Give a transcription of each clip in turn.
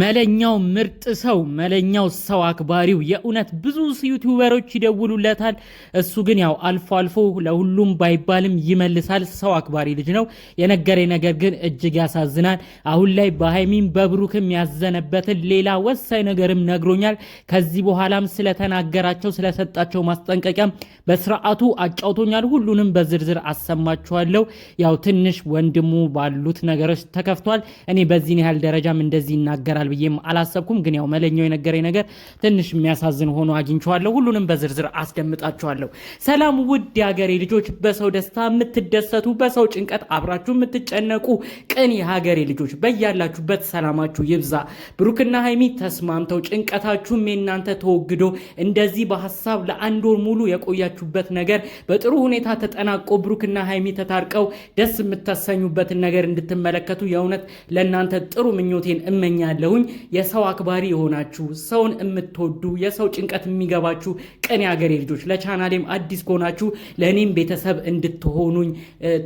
መለኛው ምርጥ ሰው መለኛው ሰው አክባሪው የእውነት ብዙ ዩቲዩበሮች ይደውሉለታል። እሱ ግን ያው አልፎ አልፎ ለሁሉም ባይባልም ይመልሳል። ሰው አክባሪ ልጅ ነው። የነገረኝ ነገር ግን እጅግ ያሳዝናል። አሁን ላይ በሀይሚም በብሩክም ያዘነበትን ሌላ ወሳኝ ነገርም ነግሮኛል። ከዚህ በኋላም ስለተናገራቸው ስለሰጣቸው ማስጠንቀቂያም በስርዓቱ አጫውቶኛል። ሁሉንም በዝርዝር አሰማችኋለሁ። ያው ትንሽ ወንድሙ ባሉት ነገሮች ተከፍቷል። እኔ በዚህን ያህል ደረጃም እንደዚህ ይናገራል ይሆናል ብዬም አላሰብኩም። ግን ያው መለኛው የነገረኝ ነገር ትንሽ የሚያሳዝን ሆኖ አግኝቸዋለሁ ሁሉንም በዝርዝር አስደምጣቸዋለሁ ሰላም ውድ የሀገሬ ልጆች፣ በሰው ደስታ የምትደሰቱ፣ በሰው ጭንቀት አብራችሁ የምትጨነቁ ቅን የሀገሬ ልጆች በያላችሁበት ሰላማችሁ ይብዛ። ብሩክና ሀይሚ ተስማምተው ጭንቀታችሁም የእናንተ ተወግዶ እንደዚህ በሀሳብ ለአንድ ወር ሙሉ የቆያችሁበት ነገር በጥሩ ሁኔታ ተጠናቆ ብሩክና ሀይሚ ተታርቀው ደስ የምታሰኙበትን ነገር እንድትመለከቱ የእውነት ለእናንተ ጥሩ ምኞቴን እመኛለሁ። እላለሁኝ። የሰው አክባሪ የሆናችሁ ሰውን የምትወዱ የሰው ጭንቀት የሚገባችሁ ቅን የአገሬ ልጆች ለቻናሌም አዲስ ከሆናችሁ ለእኔም ቤተሰብ እንድትሆኑኝ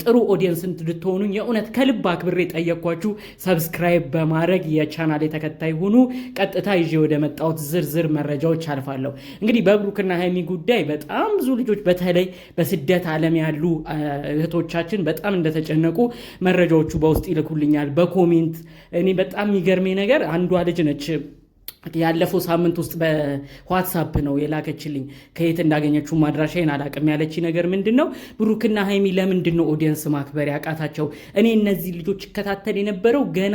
ጥሩ ኦዲየንስ እንድትሆኑኝ የእውነት ከልብ አክብሬ ጠየኳችሁ። ሰብስክራይብ በማድረግ የቻናሌ ተከታይ ሁኑ። ቀጥታ ይዤ ወደ መጣሁት ዝርዝር መረጃዎች አልፋለሁ። እንግዲህ በብሩክና ሀይሚ ጉዳይ በጣም ብዙ ልጆች በተለይ በስደት ዓለም ያሉ እህቶቻችን በጣም እንደተጨነቁ መረጃዎቹ በውስጥ ይልኩልኛል፣ በኮሜንት እኔ በጣም የሚገርመኝ ነገር አንዷ ልጅ ነች ያለፈው ሳምንት ውስጥ በዋትሳፕ ነው የላከችልኝ። ከየት እንዳገኘችው ማድራሻዬን አላቅም። ያለች ነገር ምንድን ነው ብሩክና ሀይሚ ለምንድን ነው ኦዲየንስ ማክበር ያቃታቸው? እኔ እነዚህ ልጆች ይከታተል የነበረው ገና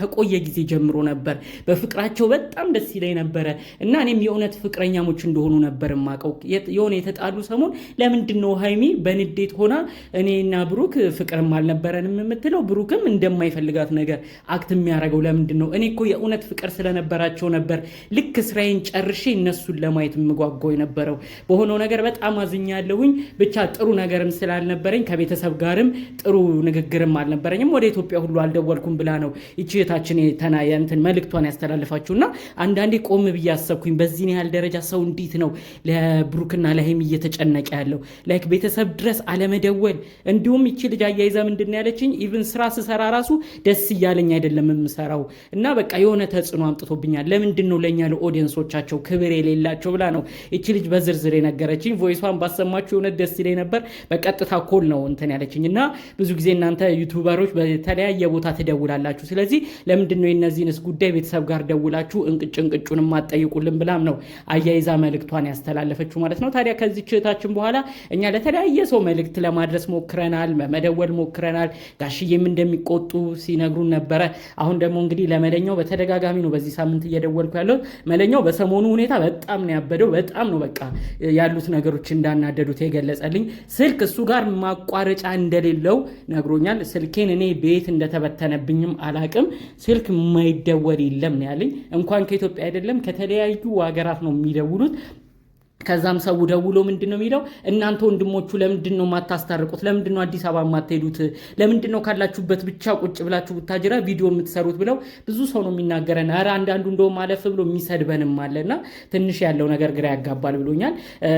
ከቆየ ጊዜ ጀምሮ ነበር። በፍቅራቸው በጣም ደስ ይለኝ ነበረ እና እኔም የእውነት ፍቅረኛሞች እንደሆኑ ነበር የማውቀው። የሆነ የተጣሉ ሰሞን ለምንድን ነው ሀይሚ በንዴት ሆና እኔና ብሩክ ፍቅርም አልነበረንም የምትለው ብሩክም እንደማይፈልጋት ነገር አክት የሚያደርገው ለምንድን ነው? እኔ እኮ የእውነት ፍቅር ስለነበራ ይመስላቸው ነበር። ልክ ስራዬን ጨርሼ እነሱን ለማየት የምጓጓው የነበረው በሆነው ነገር በጣም አዝኛለሁኝ። ብቻ ጥሩ ነገርም ስላልነበረኝ ከቤተሰብ ጋርም ጥሩ ንግግርም አልነበረኝም። ወደ ኢትዮጵያ ሁሉ አልደወልኩም ብላ ነው ይችታችን ተና የእንትን መልእክቷን አንዳንዴ ቆም ብዬ አሰብኩኝ። በዚህን ያህል ደረጃ ሰው እንዴት ነው ለብሩክና ለሀይሚ እየተጨነቀ ያለው? ላይክ ቤተሰብ ድረስ አለመደወል። እንዲሁም ይቺ ልጅ አያይዛ ምንድን ያለችኝ ኢቭን ስራ ስሰራ ራሱ ደስ እያለኝ አይደለም የምሰራው እና በቃ የሆነ ተጽዕኖ አምጥቶብኛል ይገኛል። ለምንድን ነው ለእኛ ለኦዲየንሶቻቸው ክብር የሌላቸው ብላ ነው እቺ ልጅ በዝርዝር የነገረችኝ። ቮይሷን ባሰማችሁ የሆነ ደስ ይለኝ ነበር። በቀጥታ ኮል ነው እንትን ያለችኝ እና ብዙ ጊዜ እናንተ ዩቱበሮች በተለያየ ቦታ ትደውላላችሁ። ስለዚህ ለምንድን ነው የእነዚህንስ ጉዳይ ቤተሰብ ጋር ደውላችሁ እንቅጭ እንቅጩን ማጠይቁልን ብላም ነው አያይዛ መልእክቷን ያስተላለፈችው ማለት ነው። ታዲያ ከዚህ ችህታችን በኋላ እኛ ለተለያየ ሰው መልእክት ለማድረስ ሞክረናል፣ መደወል ሞክረናል። ጋሽዬም እንደሚቆጡ ሲነግሩን ነበረ። አሁን ደግሞ እንግዲህ ለመለኛው በተደጋጋሚ ነው በዚህ ሳምንት ሳምንት እየደወልኩ ያለሁት መለኛው በሰሞኑ ሁኔታ በጣም ነው ያበደው። በጣም ነው በቃ ያሉት ነገሮች እንዳናደዱት የገለጸልኝ። ስልክ እሱ ጋር ማቋረጫ እንደሌለው ነግሮኛል። ስልኬን እኔ ቤት እንደተበተነብኝም አላቅም። ስልክ የማይደወል የለም ነው ያለኝ። እንኳን ከኢትዮጵያ አይደለም ከተለያዩ ሀገራት ነው የሚደውሉት። ከዛም ሰው ደውሎ ምንድን ነው የሚለው እናንተ ወንድሞቹ ለምንድን ነው የማታስታርቁት? ለምንድን ነው አዲስ አበባ የማትሄዱት? ለምንድን ነው ካላችሁበት ብቻ ቁጭ ብላችሁ ብታጅራ ቪዲዮ የምትሰሩት? ብለው ብዙ ሰው ነው የሚናገረን። ኧረ አንዳንዱ እንደውም አለፍ ብሎ የሚሰድበንም አለና ትንሽ ያለው ነገር ግራ ያጋባል ብሎኛል።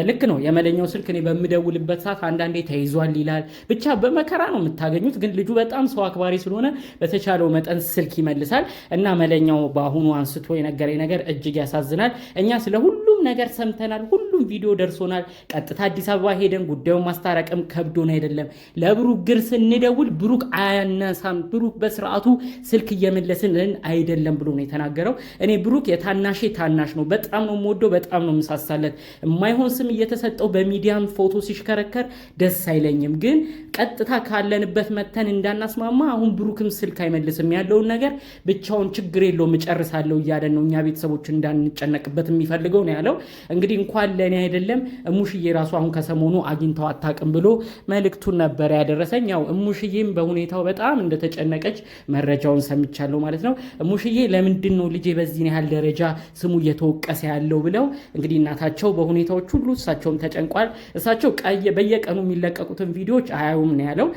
ልክ ነው የመለኛው ስልክ እኔ በምደውልበት ሰዓት አንዳንዴ ተይዟል ይላል። ብቻ በመከራ ነው የምታገኙት። ግን ልጁ በጣም ሰው አክባሪ ስለሆነ በተቻለው መጠን ስልክ ይመልሳል እና መለኛው በአሁኑ አንስቶ የነገረኝ ነገር እጅግ ያሳዝናል። እኛ ስለ ሁሉ ነገር ሰምተናል፣ ሁሉም ቪዲዮ ደርሶናል። ቀጥታ አዲስ አበባ ሄደን ጉዳዩን ማስታረቅም ከብዶን አይደለም። ለብሩክ ግን ስንደውል ብሩክ አያነሳም፣ ብሩክ በስርዓቱ ስልክ እየመለስልን አይደለም ብሎ ነው የተናገረው። እኔ ብሩክ የታናሼ ታናሽ ነው፣ በጣም ነው የምወደው፣ በጣም ነው የምሳሳለት። የማይሆን ስም እየተሰጠው በሚዲያም ፎቶ ሲሽከረከር ደስ አይለኝም። ግን ቀጥታ ካለንበት መተን እንዳናስማማ አሁን ብሩክም ስልክ አይመልስም። ያለውን ነገር ብቻውን ችግር የለውም እጨርሳለሁ እያለን ነው እኛ ቤተሰቦችን እንዳንጨነቅበት የሚፈልገው ነው ያለው። ብያለሁ። እንግዲህ እንኳን ለእኔ አይደለም እሙሽዬ ራሱ አሁን ከሰሞኑ አግኝተው አታውቅም ብሎ መልእክቱን ነበረ ያደረሰኝ። ያው እሙሽዬም በሁኔታው በጣም እንደተጨነቀች መረጃውን ሰምቻለሁ ማለት ነው። እሙሽዬ ለምንድን ነው ልጄ በዚህን ያህል ደረጃ ስሙ እየተወቀሰ ያለው ብለው እንግዲህ እናታቸው በሁኔታዎች ሁሉ እሳቸውም ተጨንቋል። እሳቸው በየቀኑ የሚለቀቁትን ቪዲዮዎች አያዩም ነው ያለው።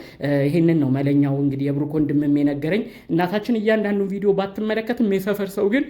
ይህንን ነው መለኛው እንግዲህ የብሩክ ወንድምም የነገረኝ። እናታችን እያንዳንዱ ቪዲዮ ባትመለከትም የሰፈር ሰው ግን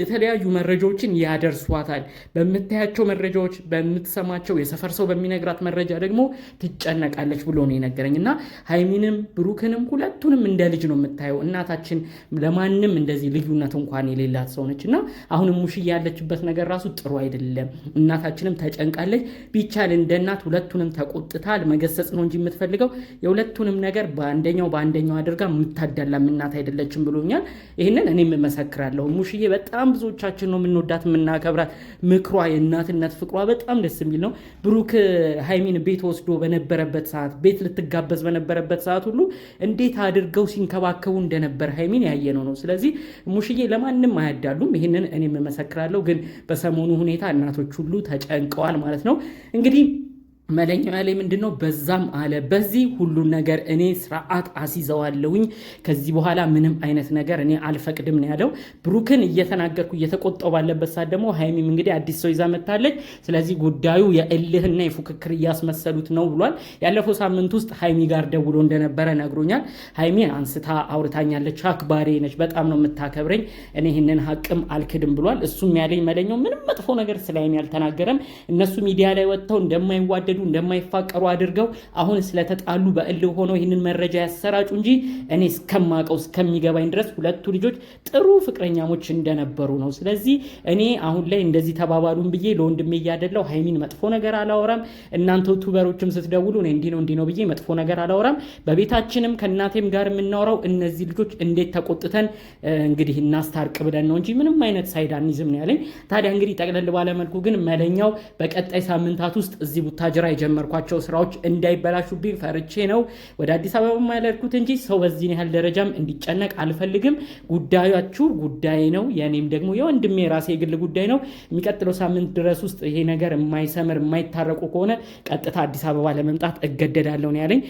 የተለያዩ መረጃዎችን ያደርሷታል። በምታያቸው መረጃዎች፣ በምትሰማቸው የሰፈር ሰው በሚነግራት መረጃ ደግሞ ትጨነቃለች ብሎ ነው የነገረኝ እና ሀይሚንም ብሩክንም ሁለቱንም እንደ ልጅ ነው የምታየው። እናታችን ለማንም እንደዚህ ልዩነት እንኳን የሌላት ሰው ነች እና አሁንም ሙሽ ያለችበት ነገር ራሱ ጥሩ አይደለም። እናታችንም ተጨንቃለች። ቢቻል እንደ እናት ሁለቱንም ተቆጥታል መገሰጽ ነው እንጂ የምትፈልገው የሁለቱንም ነገር በአንደኛው በአንደኛው አድርጋ የምታዳላም እናት አይደለችም ብሎኛል። ይህንን እኔም እመሰክራለሁ። ሙሽዬ በጣም በጣም ብዙዎቻችን ነው የምንወዳት የምናከብራት። ምክሯ፣ የእናትነት ፍቅሯ በጣም ደስ የሚል ነው። ብሩክ ሀይሚን ቤት ወስዶ በነበረበት ሰዓት፣ ቤት ልትጋበዝ በነበረበት ሰዓት ሁሉ እንዴት አድርገው ሲንከባከቡ እንደነበር ሀይሚን ያየነው ነው። ስለዚህ ሙሽዬ ለማንም አያዳሉም። ይህንን እኔም እመሰክራለሁ። ግን በሰሞኑ ሁኔታ እናቶች ሁሉ ተጨንቀዋል ማለት ነው እንግዲህ መለኛው ያለ ምንድን ነው? በዛም አለ በዚህ ሁሉን ነገር እኔ ስርዓት አስይዘዋለሁኝ። ከዚህ በኋላ ምንም አይነት ነገር እኔ አልፈቅድም ነው ያለው። ብሩክን እየተናገርኩ እየተቆጠው ባለበት ሰዓት ደግሞ ሀይሚም እንግዲህ አዲስ ሰው ይዛ መታለች። ስለዚህ ጉዳዩ የእልህና የፉክክር እያስመሰሉት ነው ብሏል። ያለፈው ሳምንት ውስጥ ሀይሚ ጋር ደውሎ እንደነበረ ነግሮኛል። ሀይሚ አንስታ አውርታኛለች። አክባሪ ነች፣ በጣም ነው የምታከብረኝ፣ እኔ ይህንን ሀቅም አልክድም ብሏል። እሱም ያለኝ መለኛው ምንም መጥፎ ነገር ስለ ሀይሚ አልተናገረም። እነሱ ሚዲያ ላይ ወጥተው እንደማይዋደ እንደማይዋደዱ እንደማይፋቀሩ አድርገው አሁን ስለተጣሉ በእልህ ሆነው ይህንን መረጃ ያሰራጩ እንጂ እኔ እስከማቀው እስከሚገባኝ ድረስ ሁለቱ ልጆች ጥሩ ፍቅረኛሞች እንደነበሩ ነው። ስለዚህ እኔ አሁን ላይ እንደዚህ ተባባሉን ብዬ ለወንድሜ እያደለው ሀይሚን መጥፎ ነገር አላወራም። እናንተ ቱበሮችም ስትደውሉ እኔ እንዲህ ነው እንዲህ ነው ብዬ መጥፎ ነገር አላወራም። በቤታችንም ከእናቴም ጋር የምናወራው እነዚህ ልጆች እንዴት ተቆጥተን እንግዲህ እናስታርቅ ብለን ነው እንጂ ምንም አይነት ሳይዳኒዝም ነው ያለኝ። ታዲያ እንግዲህ ጠቅለል ባለመልኩ ግን መለኛው በቀጣይ ሳምንታት ውስጥ እዚህ ቡታጅራ ስራ የጀመርኳቸው ስራዎች እንዳይበላሹብኝ ፈርቼ ነው ወደ አዲስ አበባ ያልኩት እንጂ ሰው በዚህን ያህል ደረጃም እንዲጨነቅ አልፈልግም። ጉዳያችሁ ጉዳይ ነው፣ የእኔም ደግሞ የወንድሜ የራሴ የግል ጉዳይ ነው። የሚቀጥለው ሳምንት ድረስ ውስጥ ይሄ ነገር የማይሰምር የማይታረቁ ከሆነ ቀጥታ አዲስ አበባ ለመምጣት እገደዳለሁ ነው ያለኝ።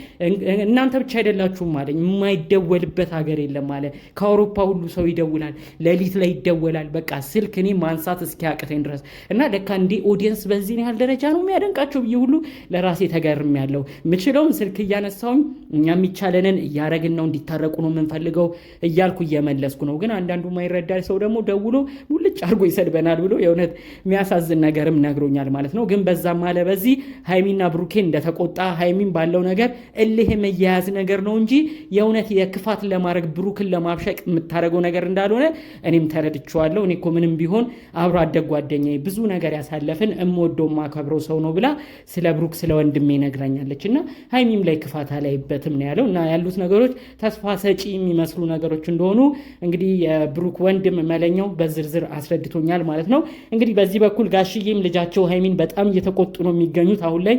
እናንተ ብቻ አይደላችሁም አለኝ። የማይደወልበት ሀገር የለም አለ። ከአውሮፓ ሁሉ ሰው ይደውላል፣ ሌሊት ላይ ይደወላል። በቃ ስልክ እኔ ማንሳት እስኪያቅተኝ ድረስ እና ለካ እንዴ ኦዲየንስ በዚህን ያህል ደረጃ ነው የሚያደንቃቸው ብዬ ሁሉ ለራሴ ተገርም ያለው ምችለውን ስልክ እያነሳውኝ እኛ የሚቻለንን እያረግን ነው፣ እንዲታረቁ ነው የምንፈልገው እያልኩ እየመለስኩ ነው። ግን አንዳንዱ ማይረዳ ሰው ደግሞ ደውሎ ሙልጭ አድርጎ ይሰድበናል ብሎ የእውነት የሚያሳዝን ነገርም ነግሮኛል ማለት ነው። ግን በዛም አለ በዚህ ሀይሚና ብሩኬን እንደተቆጣ ሀይሚን ባለው ነገር እልህ የመያያዝ ነገር ነው እንጂ የእውነት የክፋት ለማድረግ ብሩክን ለማብሸቅ የምታደርገው ነገር እንዳልሆነ እኔም ተረድቼዋለሁ። እኔ እኮ ምንም ቢሆን አብሮ አደግ ጓደኛዬ ብዙ ነገር ያሳለፍን እምወደው ማከብረው ሰው ነው ብላ ስለ ብሩክ ስለ ወንድሜ ነግራኛለች እና ሀይሚም ላይ ክፋት አላይበትም ነው ያለው። እና ያሉት ነገሮች ተስፋ ሰጪ የሚመስሉ ነገሮች እንደሆኑ እንግዲህ የብሩክ ወንድም መለኛው በዝርዝር አስረድቶኛል ማለት ነው። እንግዲህ በዚህ በኩል ጋሽዬም ልጃቸው ሀይሚን በጣም እየተቆጡ ነው የሚገኙት አሁን ላይ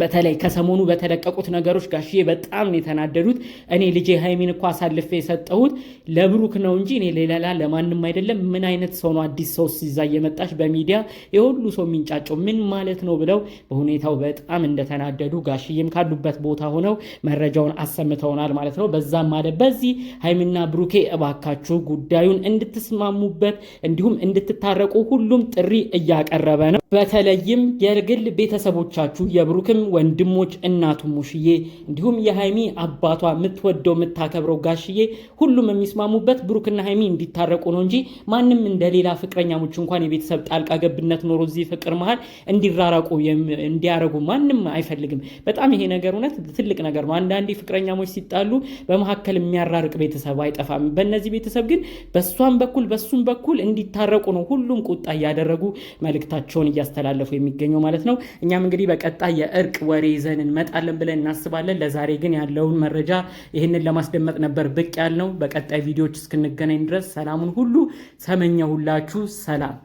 በተለይ ከሰሞኑ በተለቀቁት ነገሮች ጋሽዬ በጣም ነው የተናደዱት። እኔ ልጄ ሀይሚን እኮ አሳልፌ የሰጠሁት ለብሩክ ነው እንጂ እኔ ሌላላ ለማንም አይደለም። ምን አይነት ሰው ነው አዲስ ሰው ሲዛ እየመጣች በሚዲያ የሁሉ ሰው የሚንጫጨው ምን ማለት ነው ብለው በሁኔታው በጣም እንደተናደዱ ጋሽዬም ካሉበት ቦታ ሆነው መረጃውን አሰምተውናል ማለት ነው። በዛም ማለት በዚህ ሀይሚና ብሩኬ እባካችሁ ጉዳዩን እንድትስማሙበት እንዲሁም እንድትታረቁ ሁሉም ጥሪ እያቀረበ ነው። በተለይም የግል ቤተሰቦቻችሁ የብሩክም ወንድሞች እናቱ ሙሽዬ እንዲሁም የሃይሚ አባቷ የምትወደው የምታከብረው ጋሽዬ ሁሉም የሚስማሙበት ብሩክና ሃይሚ እንዲታረቁ ነው እንጂ ማንም እንደ ሌላ ፍቅረኛሞች እንኳን የቤተሰብ ጣልቃ ገብነት ኖሮ እዚህ ፍቅር መሃል እንዲራራቁ እንዲያረጉ ማንም አይፈልግም። በጣም ይሄ ነገር እውነት ትልቅ ነገር ነው። አንዳንዴ ፍቅረኛሞች ሲጣሉ በመካከል የሚያራርቅ ቤተሰብ አይጠፋም። በእነዚህ ቤተሰብ ግን በእሷም በኩል በሱም በኩል እንዲታረቁ ነው ሁሉም ቁጣ እያደረጉ መልእክታቸውን እያስተላለፉ የሚገኘው ማለት ነው። እኛም እንግዲህ በቀጣይ የእርቅ ወሬ ይዘን እንመጣለን ብለን እናስባለን። ለዛሬ ግን ያለውን መረጃ ይህንን ለማስደመጥ ነበር ብቅ ያልነው። በቀጣይ ቪዲዮዎች እስክንገናኝ ድረስ ሰላሙን ሁሉ ሁላችሁ ሰላም